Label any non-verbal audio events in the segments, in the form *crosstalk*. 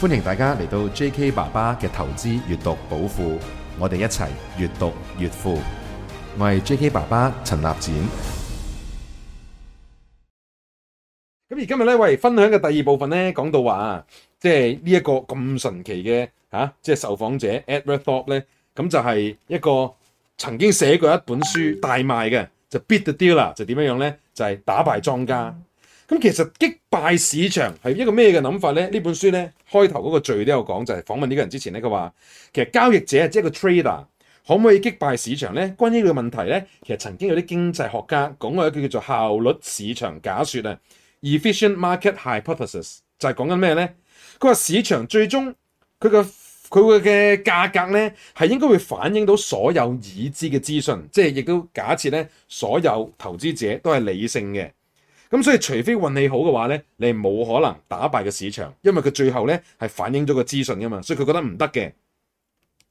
歡迎大家嚟到 J.K. 爸爸嘅投資閱讀寶庫，我哋一齊閱讀越富。我係 J.K. 爸爸陳立展。咁而今日咧，喂，分享嘅第二部分咧，講到話啊，即係呢一個咁神奇嘅吓，即係，啊，就是受訪者 Edward Thorp 咧，咁就係一個曾經寫過一本書大賣嘅，就 Beat the Dealer，就點樣樣呢？就係，是，打敗莊家。咁其實擊敗市場係一個咩嘅諗法咧？呢本書咧，開頭嗰個序都有講，就係、是、訪問呢個人之前咧，佢話其實交易者即係個 trader 可唔可以擊敗市場咧？關於呢個問題咧，其實曾經有啲經濟學家講過一個叫做效率市場假說啊 （efficient market hypothesis），就係講緊咩咧？佢話市場最終佢個佢嘅價格咧，係應該會反映到所有已知嘅資訊，即係亦都假設咧，所有投資者都係理性嘅。咁所以除非運氣好嘅話呢，你冇可能打敗個市場，因為佢最後呢係反映咗個資訊噶嘛，所以佢覺得唔得嘅。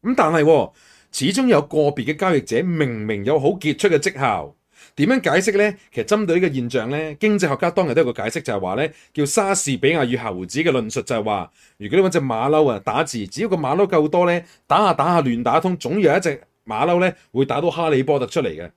咁但係始終有個別嘅交易者明明有好傑出嘅績效，點樣解釋呢？其實針對呢個現象呢，經濟學家當日都有一個解釋，就係話呢，叫莎士比亞與猴子嘅論述就，就係話如果你揾隻馬騮啊打字，只要個馬騮夠多呢，打下打下亂打通，總有一隻馬騮呢會打到哈利波特出嚟嘅。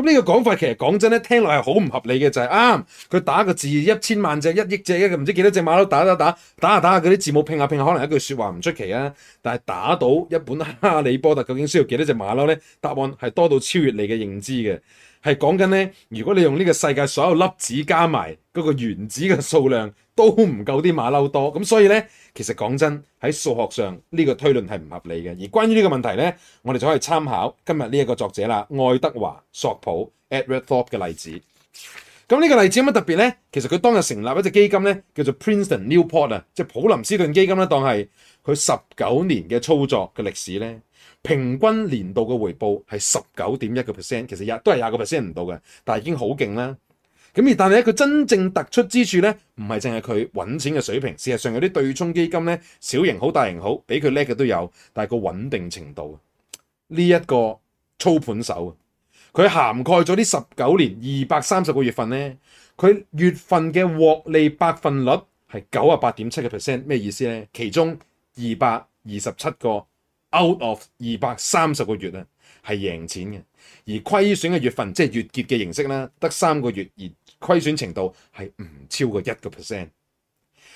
咁呢個講法其實講真咧，聽落係好唔合理嘅，就係啱佢打個字一千萬隻、一億隻，唔知幾多隻馬騮打打打打下打下，嗰啲字母拼下、啊、拼下、啊，可能一句説話唔出奇啊！但係打到一本《哈利波特》，究竟需要幾多隻馬騮咧？答案係多到超越你嘅認知嘅。係講緊咧，如果你用呢個世界所有粒子加埋嗰個原子嘅數量，都唔夠啲馬騮多，咁所以咧，其實講真喺數學上呢個推論係唔合理嘅。而關於呢個問題咧，我哋就可以參考今日呢一個作者啦，愛德華索普 Edward Thorp 嘅例子。咁呢個例子有乜特別咧？其實佢當日成立一隻基金咧，叫做 Princeton Newport 啊，即係普林斯頓基金啦，當係佢十九年嘅操作嘅歷史咧。平均年度嘅回報係十九點一個 percent，其實廿都係廿個 percent 唔到嘅，但係已經好勁啦。咁而但係咧，佢真正突出之處咧，唔係淨係佢揾錢嘅水平。事實上有啲對沖基金咧，小型好、大型好，比佢叻嘅都有，但係個穩定程度，呢一個操盤手，佢涵蓋咗啲十九年二百三十個月份咧，佢月份嘅獲利百分率係九啊八點七個 percent，咩意思咧？其中二百二十七個 out of 二百三十個月啊，係贏錢嘅，而虧損嘅月份即係月結嘅形式啦，得三個月，而虧損程度係唔超過一個 percent，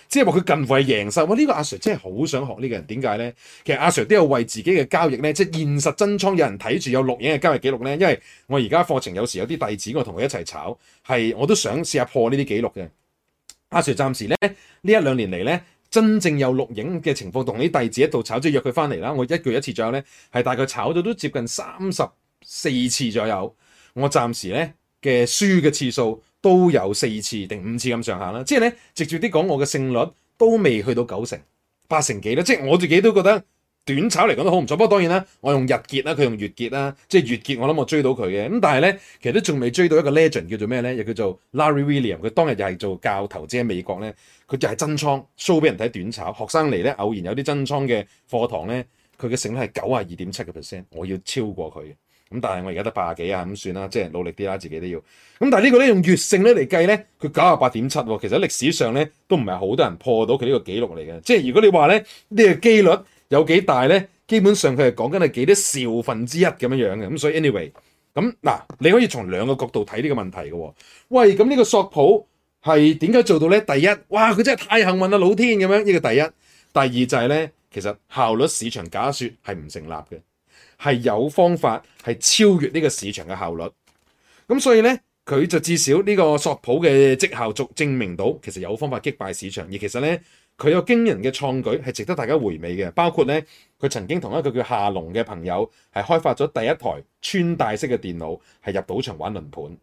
即係話佢近乎係贏晒，哇！呢個阿 sir 真係好想學呢個人點解咧？其實阿 sir 都有為自己嘅交易咧，即係現實真倉有人睇住有錄影嘅交易記錄咧，因為我而家課程有時有啲弟子，我同佢一齊炒，係我都想試下破呢啲記錄嘅。阿 sir 暫時咧呢一兩年嚟咧。真正有錄影嘅情況，同你弟子一度炒，即係約佢翻嚟啦。我一個月一次左右咧，係大概炒咗都接近三十四次左右。我暫時咧嘅輸嘅次數都有四次定五次咁上下啦。即係咧直接啲講，我嘅勝率都未去到九成八成幾啦。即係我自己都覺得。短炒嚟講都好唔錯，不過當然啦，我用日結啦，佢用月結啦，即係月結我諗我追到佢嘅，咁但係咧，其實都仲未追到一個 legend 叫做咩咧，又叫做 Larry Williams，佢當日又係做教頭喺美國咧，佢就係真倉 show 俾人睇短炒，學生嚟咧偶然有啲真倉嘅課堂咧，佢嘅成績係九啊二點七個 percent，我要超過佢嘅，咁但係我而家得八啊幾啊咁算啦，即係努力啲啦，自己都要，咁但係呢個咧用月勝咧嚟計咧，佢九啊八點七喎，其實歷史上咧都唔係好多人破到佢呢個記錄嚟嘅，即係如果你話咧呢個機率。有幾大咧？基本上佢係講緊係幾多兆分之一咁樣樣嘅，咁所以 anyway，咁嗱你可以從兩個角度睇呢個問題嘅喎、哦。喂，咁呢個索普係點解做到咧？第一，哇，佢真係太幸運啦，老天咁樣，呢個第一。第二就係咧，其實效率市場假説係唔成立嘅，係有方法係超越呢個市場嘅效率。咁所以咧，佢就至少呢個索普嘅績效，足證明到其實有方法擊敗市場，而其實咧。佢有驚人嘅創舉，係值得大家回味嘅。包括咧，佢曾經同一個叫夏龍嘅朋友，係開發咗第一台穿戴式嘅電腦，係入賭場玩輪盤。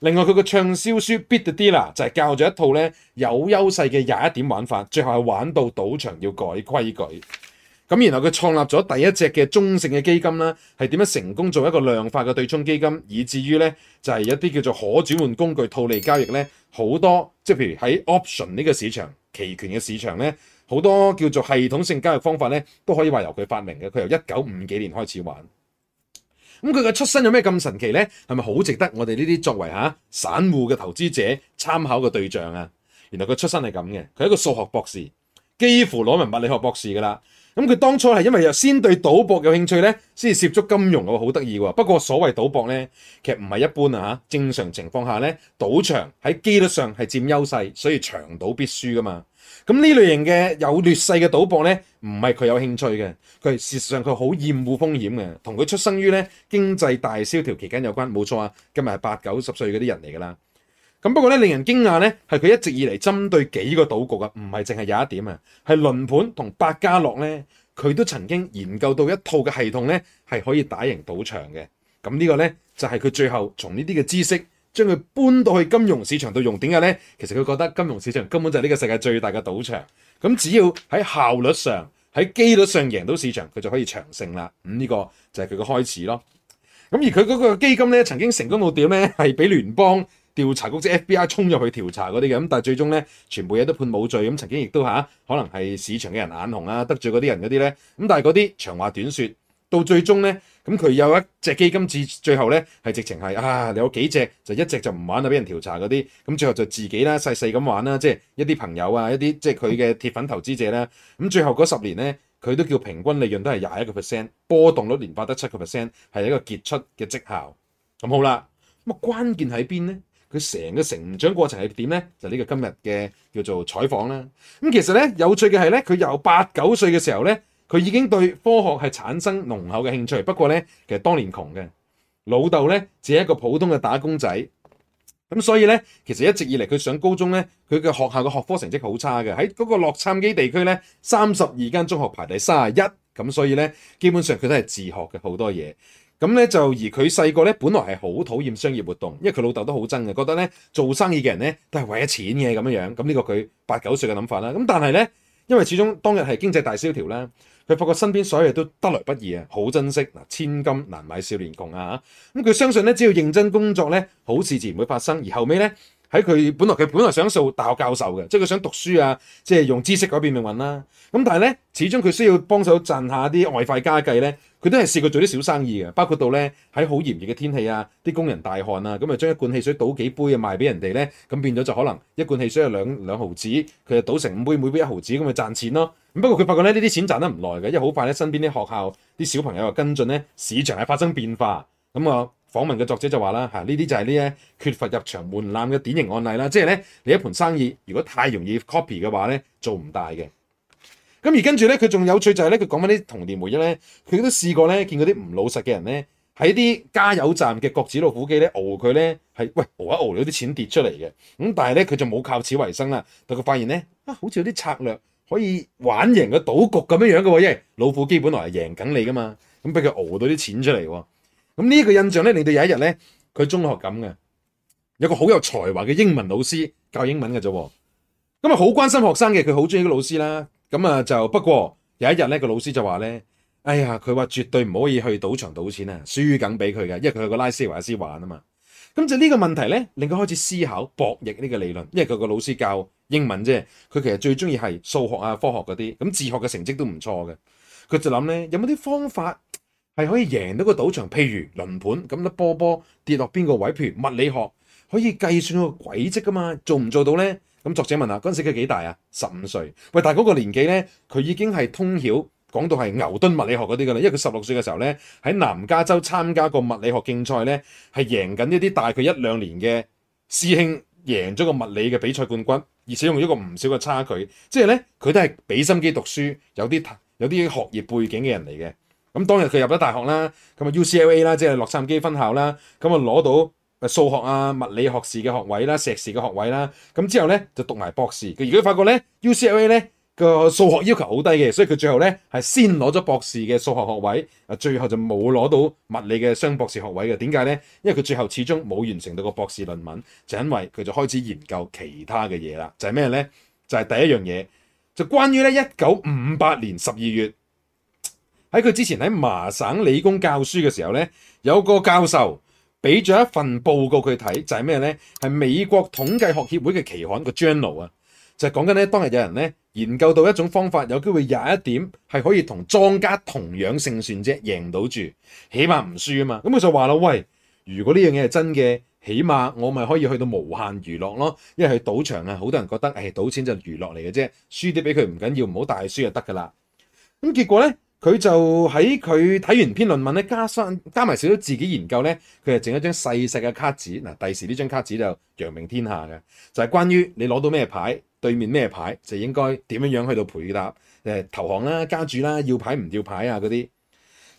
另外，佢個暢銷書《Beat the Dealer》就係教咗一套咧有優勢嘅廿一點玩法，最後係玩到賭場要改規矩。咁然後佢創立咗第一隻嘅中性嘅基金啦，係點樣成功做一個量化嘅對沖基金，以至於咧就係一啲叫做可轉換工具套利交易咧好多，即係譬如喺 option 呢個市場。期權嘅市場咧，好多叫做系統性交易方法咧，都可以話由佢發明嘅。佢由一九五幾年開始玩，咁佢嘅出身有咩咁神奇咧？係咪好值得我哋呢啲作為吓、啊、散戶嘅投資者參考嘅對象啊？原來佢出身係咁嘅，佢係一個數學博士，幾乎攞埋物理學博士噶啦。咁佢當初係因為有先對賭博有興趣咧，先至涉足金融嘅，好得意喎。不過所謂賭博咧，其實唔係一般啊嚇。正常情況下咧，賭場喺機率上係佔優勢，所以長賭必輸噶嘛。咁呢類型嘅有劣勢嘅賭博咧，唔係佢有興趣嘅，佢事實上佢好厭惡風險嘅，同佢出生於咧經濟大蕭條期間有關，冇錯啊。今日係八九十歲嗰啲人嚟噶啦。咁不過咧，令人驚訝咧，係佢一直以嚟針對幾個賭局噶，唔係淨係有一點啊，係輪盤同百家樂咧，佢都曾經研究到一套嘅系統咧，係可以打贏賭場嘅。咁呢個咧就係、是、佢最後從呢啲嘅知識，將佢搬到去金融市場度用。點解咧？其實佢覺得金融市場根本就係呢個世界最大嘅賭場。咁只要喺效率上，喺機率上贏到市場，佢就可以長勝啦。咁、嗯、呢、這個就係佢嘅開始咯。咁而佢嗰個基金咧，曾經成功到點咧？係俾聯邦調查局即、就是、F.B.I. 衝入去調查嗰啲嘅咁，但係最終咧，全部嘢都判冇罪咁。曾經亦都嚇、啊，可能係市場嘅人眼紅啊，得罪嗰啲人嗰啲咧。咁但係嗰啲長話短説，到最終咧，咁佢有一隻基金至最後咧，係直情係啊！你有幾隻就一直就唔玩啦，俾人調查嗰啲咁，最後就自己啦細細咁玩啦，即係一啲朋友啊，一啲即係佢嘅鐵粉投資者啦。咁最後嗰十年咧，佢都叫平均利潤都係廿一個 percent，波動率連發得七個 percent，係一個傑出嘅績效。咁好啦，咁啊關鍵喺邊咧？佢成個成長過程係點呢？就呢、是、個今日嘅叫做採訪啦。咁、嗯、其實呢，有趣嘅係呢，佢由八九歲嘅時候呢，佢已經對科學係產生濃厚嘅興趣。不過呢，其實當年窮嘅老豆呢，只係一個普通嘅打工仔。咁所以呢，其實一直以嚟佢上高中呢，佢嘅學校嘅學科成績好差嘅。喺嗰個洛杉磯地區呢，三十二間中學排第三十一。咁所以呢，基本上佢都係自學嘅好多嘢。咁咧就而佢細個咧本來係好討厭商業活動，因為佢老豆都好憎嘅，覺得咧做生意嘅人咧都係為咗錢嘅咁樣樣。咁呢個佢八九歲嘅諗法啦。咁但係咧，因為始終當日係經濟大蕭條啦，佢發覺身邊所有嘢都得來不易啊，好珍惜嗱，千金難買少年窮啊嚇。咁佢相信咧，只要認真工作咧，好事自然會發生。而後尾咧。喺佢本來佢本來想做大學教授嘅，即係佢想讀書啊，即係用知識改變命運啦。咁但係咧，始終佢需要幫手賺下啲外快家計咧，佢都係試過做啲小生意嘅，包括到咧喺好炎熱嘅天氣啊，啲工人大汗啊，咁啊將一罐汽水倒幾杯啊賣俾人哋咧，咁變咗就可能一罐汽水係兩兩毫子，佢就倒成五杯，每杯一毫子咁咪賺錢咯。咁不過佢發覺咧呢啲錢賺得唔耐嘅，因為好快咧身邊啲學校啲小朋友又跟進咧，市場係發生變化，咁我訪問嘅作者就話啦，嚇呢啲就係呢啲缺乏入場門檻嘅典型案例啦。即係咧，你一盤生意如果太容易 copy 嘅話咧，做唔大嘅。咁而跟住咧，佢仲有趣就係咧，佢講返啲童年回憶咧，佢都試過咧，見過啲唔老實嘅人咧，喺啲加油站嘅國子老虎機咧，熬佢咧係喂熬一熬有啲錢跌出嚟嘅。咁但係咧，佢就冇靠此為生啦。但佢發現咧，啊，好似有啲策略可以玩贏個賭局咁樣樣嘅喎，因為老虎機本來係贏緊你噶嘛，咁俾佢熬到啲錢出嚟喎。咁呢一個印象咧，令到有一日咧，佢中學咁嘅，有個好有才華嘅英文老師教英文嘅啫，咁啊好關心學生嘅，佢好中意個老師啦，咁、嗯、啊就不過有一日咧，個老師就話咧，哎呀，佢話絕對唔可以去賭場賭錢啊，輸梗俾佢嘅，因為佢係個拉斯維加斯玩啊嘛，咁、嗯、就呢個問題咧，令佢開始思考博弈呢個理論，因為佢個老師教英文啫，佢其實最中意係數學啊、科學嗰啲，咁自學嘅成績都唔錯嘅，佢就諗咧，有冇啲方法？係可以贏到個賭場，譬如輪盤咁粒波波跌落邊個位？譬如物理學可以計算個軌跡噶嘛？做唔做到呢？咁作者問下，嗰陣時佢幾大啊？十五歲。喂，但係嗰個年紀呢，佢已經係通曉講到係牛頓物理學嗰啲噶啦。因為佢十六歲嘅時候呢，喺南加州參加個物理學競賽呢，係贏緊一啲大佢一兩年嘅師兄，贏咗個物理嘅比賽冠軍，而且用咗個唔少嘅差距。即係呢，佢都係俾心機讀書，有啲有啲學業背景嘅人嚟嘅。咁當日佢入咗大學啦，咁啊 UCLA 啦，即係洛杉磯分校啦，咁啊攞到誒數學啊物理學士嘅學位啦，碩士嘅學位啦，咁之後咧就讀埋博士。佢而家發覺咧 UCLA 咧個數學要求好低嘅，所以佢最後咧係先攞咗博士嘅數學學位，啊最後就冇攞到物理嘅雙博士學位嘅。點解咧？因為佢最後始終冇完成到個博士論文，就因為佢就開始研究其他嘅嘢啦。就係咩咧？就係、是、第一樣嘢，就關於咧一九五八年十二月。喺佢之前喺麻省理工教書嘅時候咧，有個教授俾咗一份報告佢睇，就係咩咧？係美國統計學協會嘅期刊個 journal 啊，就係講緊咧當日有人咧研究到一種方法，有機會廿一點係可以同莊家同樣勝算啫，贏到住，起碼唔輸啊嘛。咁、嗯、佢就話啦：，喂，如果呢樣嘢係真嘅，起碼我咪可以去到無限娛樂咯。因為去賭場啊，好多人覺得誒、哎，賭錢就娛樂嚟嘅啫，輸啲俾佢唔緊要，唔好大輸就得噶啦。咁、嗯、結果咧？佢就喺佢睇完篇論文咧，加翻加埋少少自己研究咧，佢就整一張細細嘅卡紙。嗱，第時呢張卡紙就揚名天下嘅，就係、是、關於你攞到咩牌，對面咩牌，就應該點樣樣去到配搭，誒、呃、投降啦、加注啦、要牌唔要牌啊嗰啲。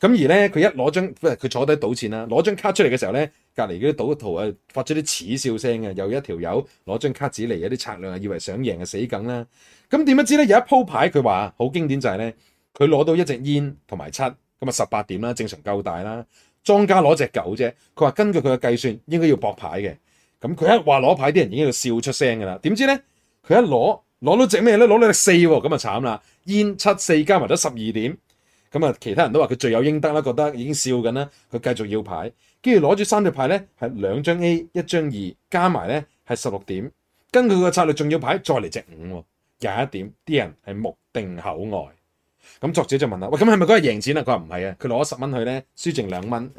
咁而咧，佢一攞張，佢、呃、坐低賭錢啦，攞張卡出嚟嘅時候咧，隔離嗰啲賭徒啊發出啲恥笑聲嘅，又一條友攞張卡紙嚟，有啲策略啊，以為想贏啊，死梗啦。咁點樣知咧？有一鋪牌，佢話好經典就係咧。佢攞到一隻煙同埋七，咁啊十八點啦，正常夠大啦。莊家攞隻九啫，佢話根據佢嘅計算應該要搏牌嘅。咁佢一話攞牌，啲人已經要笑出聲噶啦。點知咧，佢一攞攞到隻咩咧？攞到隻四喎，咁啊慘啦！煙七四加埋得十二點，咁啊其他人都話佢罪有應得啦，覺得已經笑緊啦。佢繼續要牌，跟住攞住三隻牌咧，係兩張 A，一張二加埋咧係十六點。根據佢嘅策略，仲要牌再嚟隻五，廿一點，啲人係目定口呆。咁作者就問啦，喂，咁係咪嗰日贏錢啦？佢話唔係啊，佢攞十蚊去咧，輸剩兩蚊。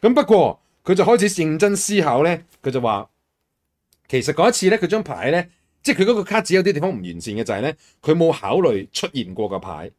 咁 *laughs* 不過佢就開始認真思考咧，佢就話，其實嗰一次咧，佢張牌咧，即係佢嗰個卡紙有啲地方唔完善嘅就係、是、咧，佢冇考慮出現過嘅牌。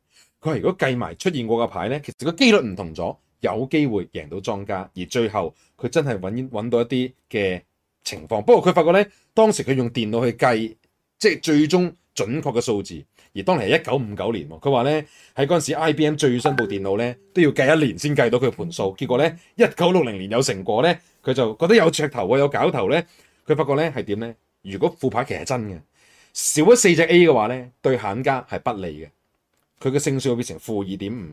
佢話如果計埋出現過嘅牌咧，其實個機率唔同咗，有機會贏到莊家。而最後佢真係揾揾到一啲嘅情況。不過佢發覺咧，當時佢用電腦去計，即係最終準確嘅數字。而當年係一九五九年喎，佢話咧喺嗰陣時，IBM 最新部電腦咧都要計一年先計到佢盤數，結果咧一九六零年有成果咧，佢就覺得有噱頭有搞頭咧，佢發覺咧係點咧？如果副牌其實係真嘅，少咗四隻 A 嘅話咧，對閒家係不利嘅，佢嘅勝算會變成負二點五，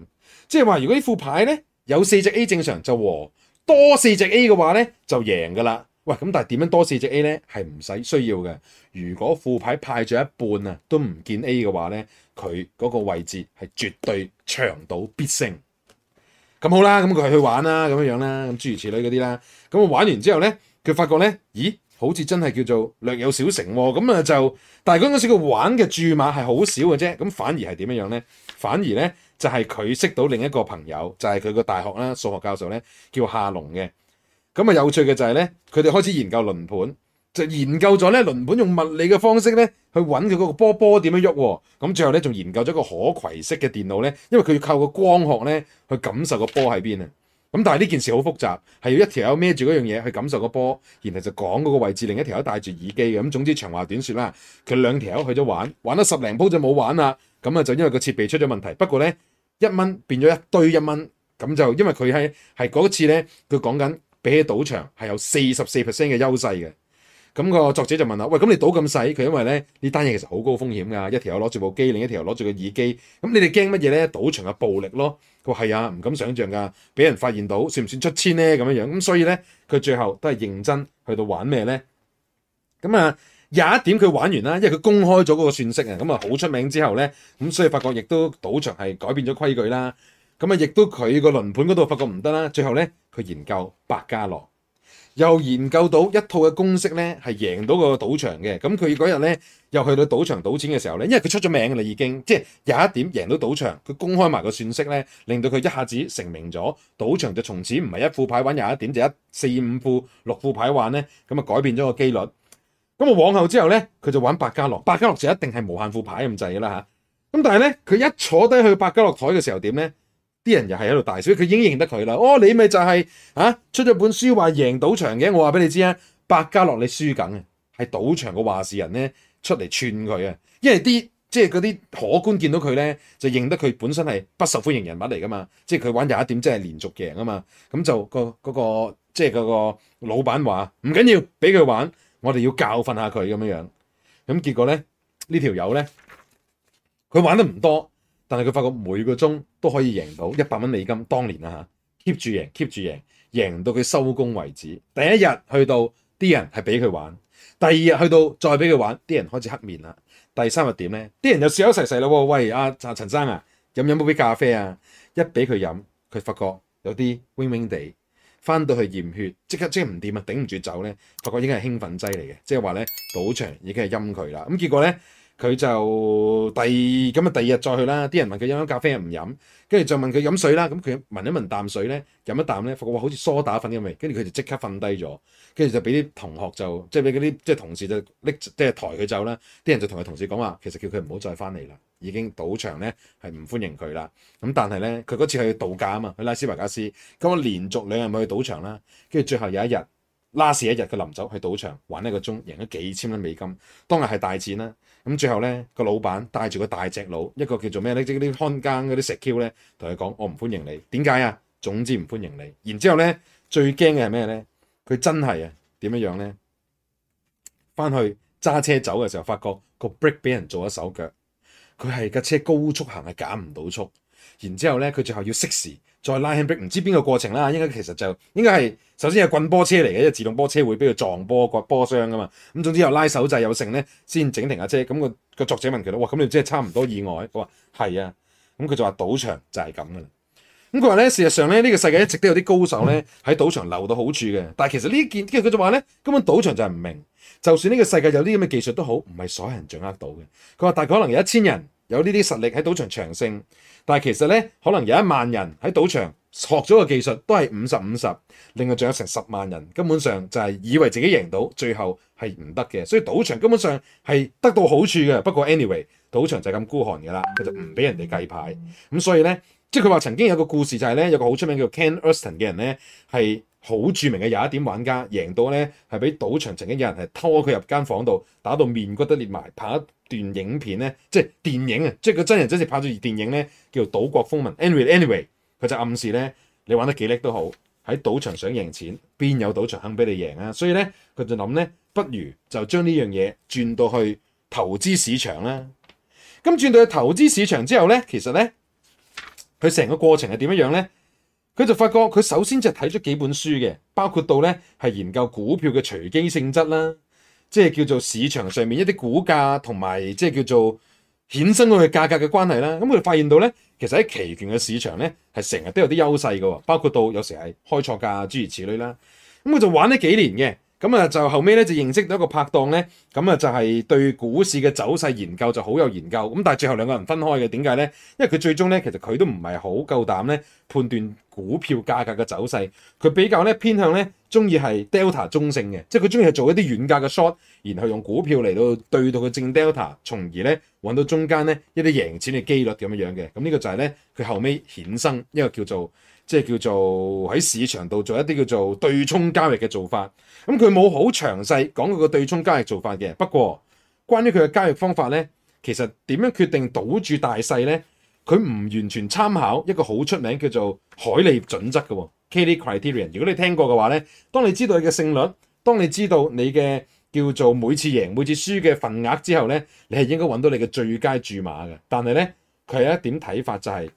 即係話如果啲副牌咧有四隻 A 正常就和，多四隻 A 嘅話咧就贏㗎啦。.喂，咁但係點樣多四隻 A 咧？係唔使需要嘅。如果副牌派咗一半啊，都唔見 A 嘅話咧，佢嗰個位置係絕對長島必勝。咁、嗯、好啦，咁、嗯、佢去玩啦，咁樣樣啦，咁諸如此類嗰啲啦。咁啊玩完之後咧，佢發覺咧，咦，好似真係叫做略有小成喎、啊。咁、嗯、啊就，但係嗰陣時佢玩嘅注碼係好少嘅啫。咁反而係點樣樣咧？反而咧就係、是、佢識到另一個朋友，就係佢個大學啦數學教授咧，叫夏龍嘅。咁啊有趣嘅就係咧，佢哋開始研究輪盤，就研究咗咧輪盤用物理嘅方式咧去揾佢嗰個波波點樣喐喎，咁最後咧仲研究咗個可攜式嘅電腦咧，因為佢要靠個光學咧去感受個波喺邊啊，咁但係呢件事好複雜，係要一條友孭住嗰樣嘢去感受個波，然後就講嗰個位置，另一條友戴住耳機嘅，咁總之長話短説啦，佢兩條友去咗玩，玩咗十零鋪就冇玩啦，咁啊就因為個設備出咗問題，不過咧一蚊變咗一堆一蚊，咁就因為佢喺係嗰次咧佢講緊。比起賭場係有四十四 percent 嘅優勢嘅，咁個作者就問啦，喂，咁你賭咁細，佢因為咧呢單嘢其實好高風險㗎，一條又攞住部機，另一條又攞住個耳機，咁你哋驚乜嘢咧？賭場嘅暴力咯。佢話係啊，唔敢想象㗎，俾人發現到算唔算出千咧？咁樣樣，咁所以咧佢最後都係認真去到玩咩咧？咁啊，廿一點佢玩完啦，因為佢公開咗嗰個算式啊，咁啊好出名之後咧，咁所以發覺亦都賭場係改變咗規矩啦。咁啊，亦都佢個輪盤嗰度發覺唔得啦，最後咧佢研究百家樂，又研究到一套嘅公式咧，係贏到個賭場嘅。咁佢嗰日咧又去到賭場賭錢嘅時候咧，因為佢出咗名啦，已經了了即係廿一點贏到賭場，佢公開埋個算式咧，令到佢一下子成名咗，賭場就從此唔係一副牌玩廿一點，就一四五副六副牌玩咧，咁啊改變咗個機率。咁啊往後之後咧，佢就玩百家樂，百家樂就一定係無限副牌咁滯啦嚇。咁但係咧，佢一坐低去百家樂枱嘅時候點咧？啲人又係喺度大笑，佢已經認得佢啦。哦，你咪就係、是、啊，出咗本書話贏賭場嘅。我話俾你知啊，百家樂你輸緊嘅，係賭場嘅話事人咧出嚟串佢啊。因為啲即係嗰啲荷官見到佢咧，就認得佢本身係不受歡迎人物嚟噶嘛。即係佢玩廿一點即係連續贏啊嘛。咁就、嗰個嗰、嗰個即係嗰個老闆話唔緊要，俾佢玩，我哋要教訓下佢咁樣樣。咁結果咧呢條友咧，佢、這個、玩得唔多。但係佢發覺每個鐘都可以贏到一百蚊美金，當年啊嚇，keep 住贏，keep 住贏，贏到佢收工為止。第一日去到啲人係俾佢玩，第二日去到再俾佢玩，啲人開始黑面啦。第三日點呢？啲人又笑口細細啦。喂，阿陳生啊，生飲唔飲杯咖啡啊？一俾佢飲，佢發覺有啲 wing wing 地，翻到去驗血，即刻即刻唔掂啊，頂唔住酒呢，發覺應該係興奮劑嚟嘅，即係話呢，賭場已經係陰佢啦。咁結果呢。佢就第咁啊，第二日再去啦。啲人問佢飲咗咖啡啊？唔飲。跟住就問佢飲水啦，咁佢聞一聞啖水咧，飲一啖咧，哇，發覺好似梳打粉咁味。跟住佢就即刻瞓低咗。跟住就俾啲同學就即係俾啲即係同事就拎即係抬佢走啦。啲人就同佢同事講話，其實叫佢唔好再翻嚟啦，已經賭場咧係唔歡迎佢啦。咁但係咧，佢嗰次去度假啊嘛，去拉斯維加斯咁我連續兩日去賭場啦。跟住最後有一日拉市一日，佢臨走去賭場玩一個鐘，贏咗幾千蚊美金，當日係大錢啦。咁最後咧，個老闆帶住個大隻佬，一個叫做咩咧，即係啲看更嗰啲石 Q 咧，同佢講：我唔歡迎你，點解啊？總之唔歡迎你。然之後咧，最驚嘅係咩咧？佢真係啊，點樣樣咧？翻去揸車走嘅時候，發覺個 brake 俾人做咗手腳，佢係架車高速行係減唔到速。然之後咧，佢最後要息時再拉 handbrake 唔知邊個過程啦，應該其實就應該係首先係棍波車嚟嘅，因為自動波車會俾佢撞波、刮波箱噶嘛。咁總之又拉手掣有剩咧，先整停下車。咁、嗯那個個作者問佢咧：哇，咁你即係差唔多意外？佢話係啊。咁佢就話：賭場就係咁噶啦。咁佢話咧，事實上咧，呢、這個世界一直都有啲高手咧喺賭場留到好處嘅。但係其實呢件，跟住佢就話咧，根本賭場就係唔明。就算呢個世界有啲咁嘅技術都好，唔係所有人掌握到嘅。佢話大概可能有一千人。有呢啲實力喺賭場長勝，但係其實呢，可能有一萬人喺賭場學咗個技術都係五十五十，另外仲有成十萬人根本上就係以為自己贏到，最後係唔得嘅，所以賭場根本上係得到好處嘅。不過 anyway，賭場就係咁孤寒嘅啦，佢就唔俾人哋計牌。咁所以呢，即係佢話曾經有個故事就係呢，有個好出名叫 Ken Uston 嘅人呢，係好著名嘅廿一點玩家，贏到呢，係俾賭場曾經有人係拖佢入間房度打到面骨都裂埋，拍段影片咧，即係電影啊，即係佢真人真事拍咗段電影咧，叫《賭國風雲》。anyway，anyway，anyway，佢就暗示咧，你玩得幾叻都好，喺賭場想贏錢，邊有賭場肯俾你贏啊？所以咧，佢就諗咧，不如就將呢樣嘢轉到去投資市場啦。咁轉到去投資市場之後咧，其實咧，佢成個過程係點樣樣咧？佢就發覺佢首先就睇咗幾本書嘅，包括到咧係研究股票嘅隨機性質啦。即係叫做市場上面一啲股價同埋即係叫做衍生佢嘅價格嘅關係啦，咁佢哋發現到咧，其實喺期權嘅市場咧係成日都有啲優勢嘅，包括到有時係開錯價諸如此類啦，咁佢就玩咗幾年嘅。咁啊，就後尾咧就認識到一個拍檔咧，咁啊就係對股市嘅走勢研究就好有研究。咁但係最後兩個人分開嘅，點解咧？因為佢最終咧，其實佢都唔係好夠膽咧判斷股票價格嘅走勢，佢比較咧偏向咧中意係 Delta 中性嘅，即係佢中意係做一啲遠價嘅 Short，然後用股票嚟到對到佢正 Delta，從而咧揾到中間咧一啲贏錢嘅機率咁樣樣嘅。咁呢個就係咧佢後尾衍生一個叫做。即係叫做喺市場度做一啲叫做對沖交易嘅做法，咁佢冇好詳細講佢個對沖交易做法嘅。不過關於佢嘅交易方法呢，其實點樣決定賭注大細呢？佢唔完全參考一個好出名叫做海利準則嘅 Kelly Criterion。如果你聽過嘅話呢，當你知道你嘅勝率，當你知道你嘅叫做每次贏每次輸嘅份額之後呢，你係應該揾到你嘅最佳注碼嘅。但係呢，佢有一點睇法就係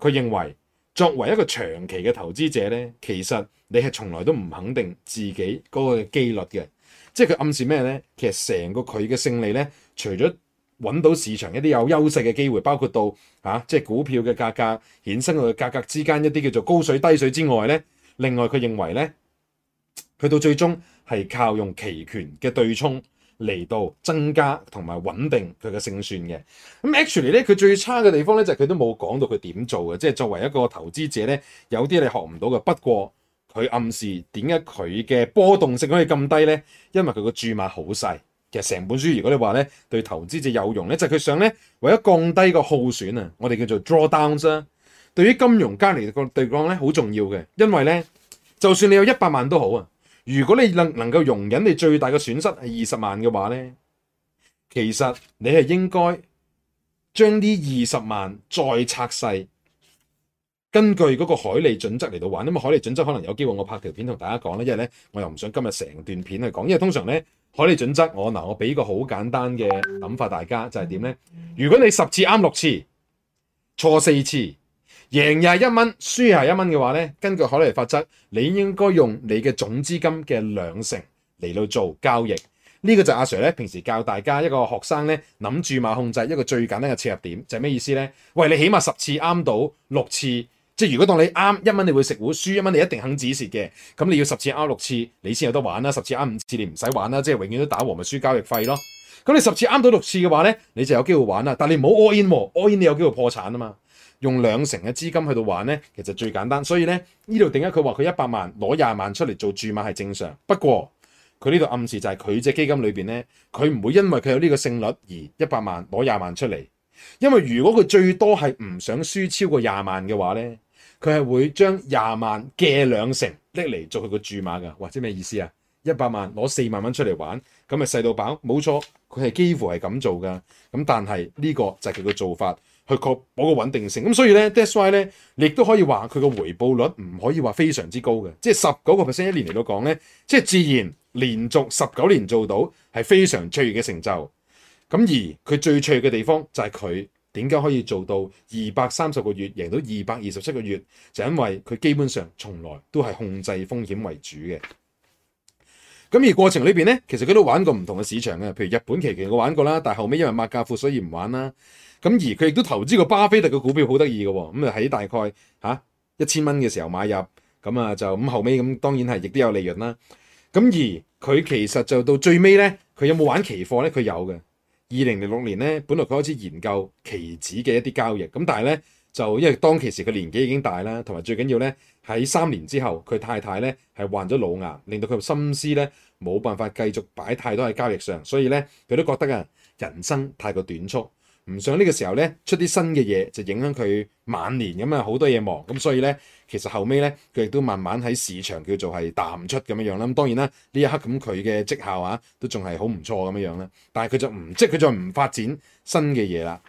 佢認為。作為一個長期嘅投資者咧，其實你係從來都唔肯定自己嗰個機率嘅，即係佢暗示咩咧？其實成個佢嘅勝利咧，除咗揾到市場一啲有優勢嘅機會，包括到嚇、啊、即係股票嘅價格衍生到嘅價格之間一啲叫做高水低水之外咧，另外佢認為咧，佢到最終係靠用期權嘅對沖。嚟到增加同埋穩定佢嘅勝算嘅。咁 actually 咧，佢最差嘅地方咧，就係佢都冇講到佢點做嘅。即係作為一個投資者咧，有啲你學唔到嘅。不過佢暗示點解佢嘅波動性可以咁低咧？因為佢個注碼好細。其實成本書如果你話咧，對投資者有用咧，就係佢想咧為咗降低個耗損啊，我哋叫做 drawdown 啦。對於金融家嚟個對講咧好重要嘅，因為咧就算你有一百萬都好啊。如果你能能夠容忍你最大嘅損失係二十萬嘅話呢，其實你係應該將啲二十萬再拆細，根據嗰個海利準則嚟到玩。咁啊海利準則可能有機會我拍條片同大家講咧，因為呢，我又唔想今日成段片去講，因為通常呢，海利準則我嗱我俾個好簡單嘅諗法大家就係點呢？如果你十次啱六次，錯四次。贏又係一蚊，輸又係一蚊嘅話咧，根據凱利法則，你應該用你嘅總資金嘅兩成嚟到做交易。呢、這個就阿 Sir 咧平時教大家一個學生咧諗注碼控制一個最簡單嘅切入點就係、是、咩意思咧？喂，你起碼十次啱到六次，即係如果當你啱一蚊你會食糊；輸一蚊你一定肯止蝕嘅。咁你要十次啱六次，你先有得玩啦。十次啱五次你唔使玩啦，即係永遠都打和咪輸交易費咯。咁你十次啱到六次嘅話咧，你就有機會玩啦。但係你唔好 all in 喎，all in 你有機會破產啊嘛。用兩成嘅資金去到玩咧，其實最簡單。所以咧，呢度點解佢話佢一百萬攞廿萬出嚟做注碼係正常？不過佢呢度暗示就係佢隻基金裏邊咧，佢唔會因為佢有呢個勝率而一百萬攞廿萬出嚟，因為如果佢最多係唔想輸超過廿萬嘅話咧，佢係會將廿萬嘅兩成拎嚟做佢個注碼㗎。或者咩意思啊？一百萬攞四萬蚊出嚟玩，咁咪細到飽，冇錯，佢係幾乎係咁做噶。咁但係呢個就係佢嘅做法，去確保個穩定性。咁所以呢，That's why 咧，亦都可以話佢個回報率唔可以話非常之高嘅，即係十九個 percent 一年嚟到講呢，即係自然連續十九年做到係非常卓越嘅成就。咁而佢最卓越嘅地方就係佢點解可以做到二百三十個月贏到二百二十七個月，就因為佢基本上從來都係控制風險為主嘅。咁而過程裏面咧，其實佢都玩過唔同嘅市場嘅，譬如日本期期我玩過啦，但後尾因為馬多夫所以唔玩啦。咁而佢亦都投資過巴菲特嘅股票，好得意嘅喎。咁啊喺大概嚇一千蚊嘅時候買入，咁啊就咁後尾咁當然係亦都有利潤啦。咁而佢其實就到最尾咧，佢有冇玩期貨咧？佢有嘅。二零零六年咧，本來佢開始研究期指嘅一啲交易，咁但係咧。就因為當其時佢年紀已經大啦，同埋最緊要咧喺三年之後，佢太太咧係患咗腦癌，令到佢心思咧冇辦法繼續擺太多喺交易上，所以咧佢都覺得啊人生太過短促，唔想呢個時候咧出啲新嘅嘢就影響佢晚年咁啊好多嘢忙，咁所以咧其實後尾咧佢亦都慢慢喺市場叫做係淡出咁樣樣啦。咁當然啦，呢一刻咁佢嘅績效啊都仲係好唔錯咁樣樣咧，但係佢就唔即佢就唔發展新嘅嘢啦。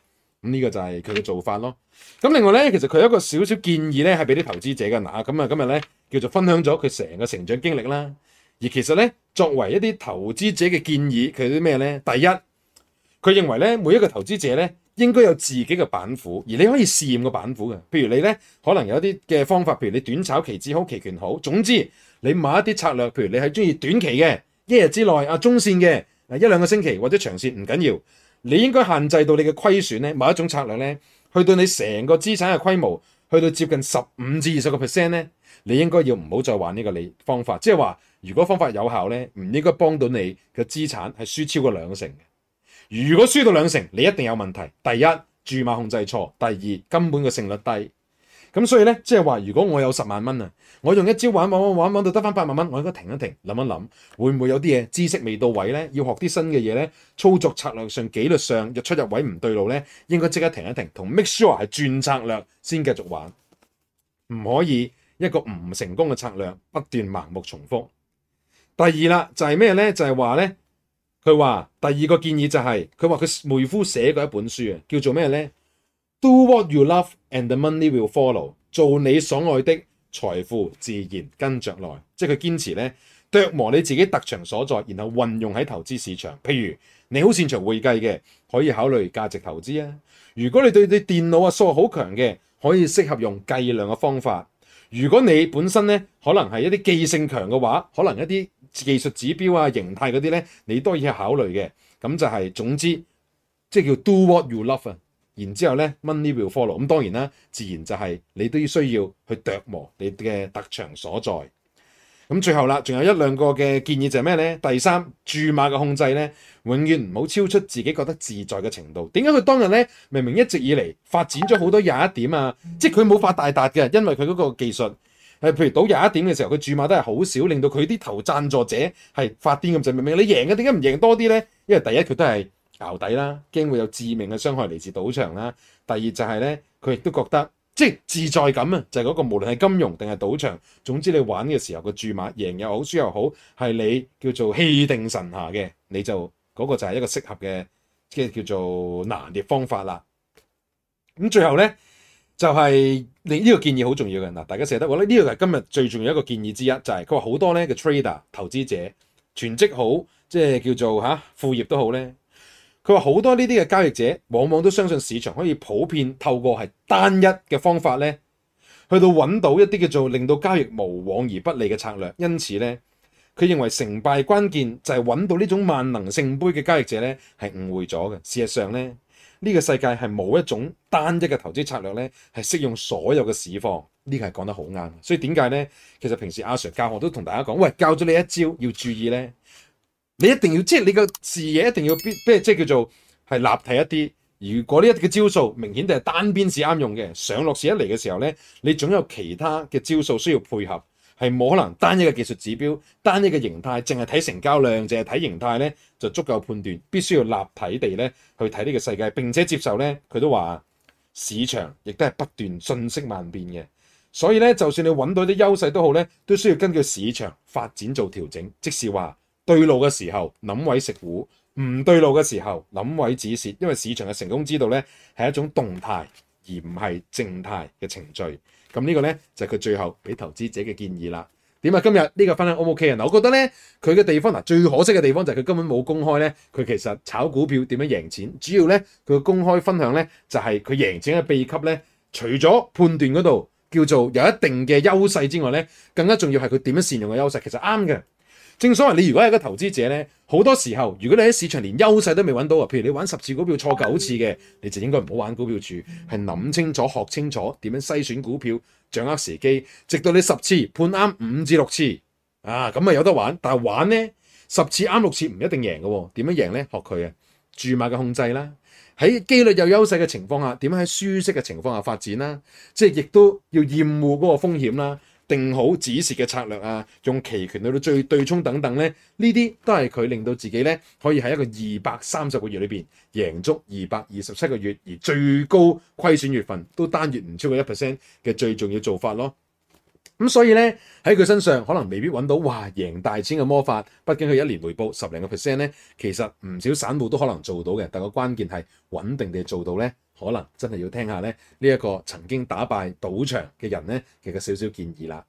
咁呢個就係佢嘅做法咯。咁另外咧，其實佢有一個少少建議咧，係俾啲投資者噶嗱。咁啊，今日咧叫做分享咗佢成個成長經歷啦。而其實咧，作為一啲投資者嘅建議，佢啲咩咧？第一，佢認為咧，每一個投資者咧應該有自己嘅板斧，而你可以試驗個板斧嘅。譬如你咧可能有一啲嘅方法，譬如你短炒期指好，期權好，總之你買一啲策略，譬如你係中意短期嘅一日之內，啊中線嘅一兩個星期或者長線唔緊要。你應該限制到你嘅虧損呢某一種策略呢，去到你成個資產嘅規模去到接近十五至二十個 percent 呢，你應該要唔好再玩呢個方法。即係話，如果方法有效呢，唔應該幫到你嘅資產係輸超過兩成嘅。如果輸到兩成，你一定有問題。第一，注碼控制錯；第二，根本嘅勝率低。咁所以咧，即係話，如果我有十萬蚊啊，我用一招玩玩玩玩到得返八萬蚊，我應該停一停，諗一諗，會唔會有啲嘢知識未到位咧？要學啲新嘅嘢咧？操作策略上、紀律上，若出入位唔對路咧，應該即刻停一停，同 make sure 係轉策略先繼續玩，唔可以一個唔成功嘅策略不斷盲目重複。第二啦，就係咩咧？就係話咧，佢話第二個建議就係佢話佢妹夫寫過一本書啊，叫做咩咧？Do what you love and the money will follow。做你所愛的，財富自然跟着來。即係佢堅持咧，琢磨你自己特長所在，然後運用喺投資市場。譬如你好擅長會計嘅，可以考慮價值投資啊。如果你對對電腦啊數好強嘅，可以適合用計量嘅方法。如果你本身咧可能係一啲記性強嘅話，可能一啲技術指標啊形態嗰啲咧，你都要考慮嘅。咁就係、是、總之，即係叫 Do what you love 啊。然之後咧，money will follow。咁當然啦，自然就係你都要需要去琢磨你嘅特長所在。咁最後啦，仲有一兩個嘅建議就係咩咧？第三，注碼嘅控制咧，永遠唔好超出自己覺得自在嘅程度。點解佢當日咧，明明一直以嚟發展咗好多廿一點啊，即係佢冇發大達嘅，因為佢嗰個技術係譬如到廿一點嘅時候，佢注碼都係好少，令到佢啲頭贊助者係發癲咁滯。明明你贏嘅，點解唔贏多啲咧？因為第一，佢都係。淆底啦，驚會有致命嘅傷害嚟自賭場啦。第二就係咧，佢亦都覺得即係自在感啊，就係嗰個無論係金融定係賭場，總之你玩嘅時候個注碼贏又好輸又好，係你叫做氣定神閒嘅，你就嗰個就係一個適合嘅即係叫做拿捏嘅方法啦。咁最後咧就係你呢個建議好重要嘅嗱，大家寫得我咧呢個係今日最重要一個建議之一，就係佢話好多咧嘅 trader 投資者全職好即係叫做吓副業都好咧，佢話好多呢啲嘅交易者，往往都相信市場可以普遍透過係單一嘅方法咧，去到揾到一啲叫做令到交易無往而不利嘅策略。因此咧，佢認為成敗關鍵就係揾到呢種萬能聖杯嘅交易者咧，係誤會咗嘅。事實上咧，呢個世界係冇一種單一嘅投資策略咧，係適用所有嘅市況。呢個係講得好啱。所以點解咧？其實平時阿 Sir 教學都同大家講，喂，教咗你一招要注意咧。你一定要即係你個視野一定要必即係叫做係立體一啲。如果呢一啲嘅招數明顯係單邊市啱用嘅，上落市一嚟嘅時候咧，你總有其他嘅招數需要配合，係冇可能單一嘅技術指標、單一嘅形態，淨係睇成交量、淨係睇形態咧就足夠判斷。必須要立體地咧去睇呢個世界，並且接受咧，佢都話市場亦都係不斷瞬息萬變嘅。所以咧，就算你揾到啲優勢都好咧，都需要根據市場發展做調整。即使話。對路嘅時候諗位食股，唔對路嘅時候諗位止蝕。因為市場嘅成功之道呢，係一種動態，而唔係靜態嘅程序。咁呢個呢，就係佢最後俾投資者嘅建議啦。點啊？今日呢個分享 O 唔 OK 啊？嗱，我覺得呢，佢嘅地方嗱，最可惜嘅地方就係佢根本冇公開呢，佢其實炒股票點樣贏錢。主要呢，佢嘅公開分享呢，就係佢贏錢嘅秘笈呢，除咗判斷嗰度叫做有一定嘅優勢之外呢，更加重要係佢點樣善用嘅優勢。其實啱嘅。正所謂，你如果係個投資者咧，好多時候，如果你喺市場連優勢都未揾到啊，譬如你玩十次股票錯九次嘅，你就應該唔好玩股票住，係諗清楚、學清楚點樣篩選股票、掌握時機，直到你十次判啱五至六次啊，咁咪有得玩。但係玩咧，十次啱六次唔一定贏嘅喎，點樣贏咧？學佢啊，注碼嘅控制啦，喺機率有優勢嘅情況下，點樣喺舒適嘅情況下發展啦，即係亦都要厭惡嗰個風險啦。定好指示嘅策略啊，用期權去到最對沖等等咧，呢啲都係佢令到自己咧可以喺一個二百三十個月裏邊贏足二百二十七個月，而最高虧損月份都單月唔超過一 percent 嘅最重要做法咯。咁、嗯、所以咧喺佢身上可能未必揾到哇贏大錢嘅魔法，畢竟佢一年回報十零個 percent 咧，其實唔少散戶都可能做到嘅，但個關鍵係穩定地做到咧。可能真係要聽下咧呢一個曾經打敗賭場嘅人呢，其實少少建議啦。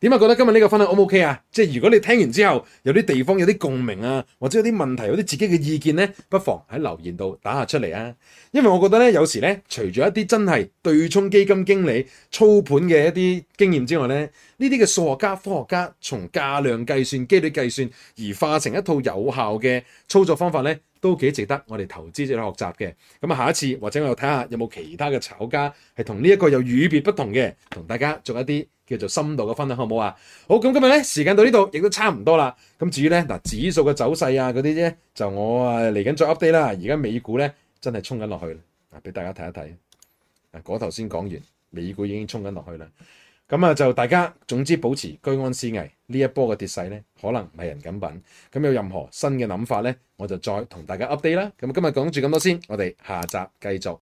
點啊覺得今日呢個分享 O 唔 OK 啊？即係如果你聽完之後有啲地方有啲共鳴啊，或者有啲問題有啲自己嘅意見呢，不妨喺留言度打下出嚟啊。因為我覺得咧，有時呢，除咗一啲真係對沖基金經理操盤嘅一啲經驗之外呢，呢啲嘅數學家、科學家從價量計算、機率計算而化成一套有效嘅操作方法呢，都幾值得我哋投資者去學習嘅。咁啊，下一次或者我睇下有冇其他嘅炒家係同呢一個有與別不同嘅，同大家做一啲叫做深度嘅分享好唔好啊？好，咁今日咧時間到呢度，亦都差唔多啦。咁至於咧嗱，指數嘅走勢啊嗰啲啫，就我啊嚟緊再 update 啦。而家美股咧真係衝緊落去啦，俾大家睇一睇。嗱，嗰頭先講完，美股已經衝緊落去啦。咁啊，那就大家總之保持居安思危，呢一波嘅跌勢呢，可能唔係人品品。咁有任何新嘅諗法呢，我就再同大家 update 啦。咁今日講住咁多先，我哋下集繼續。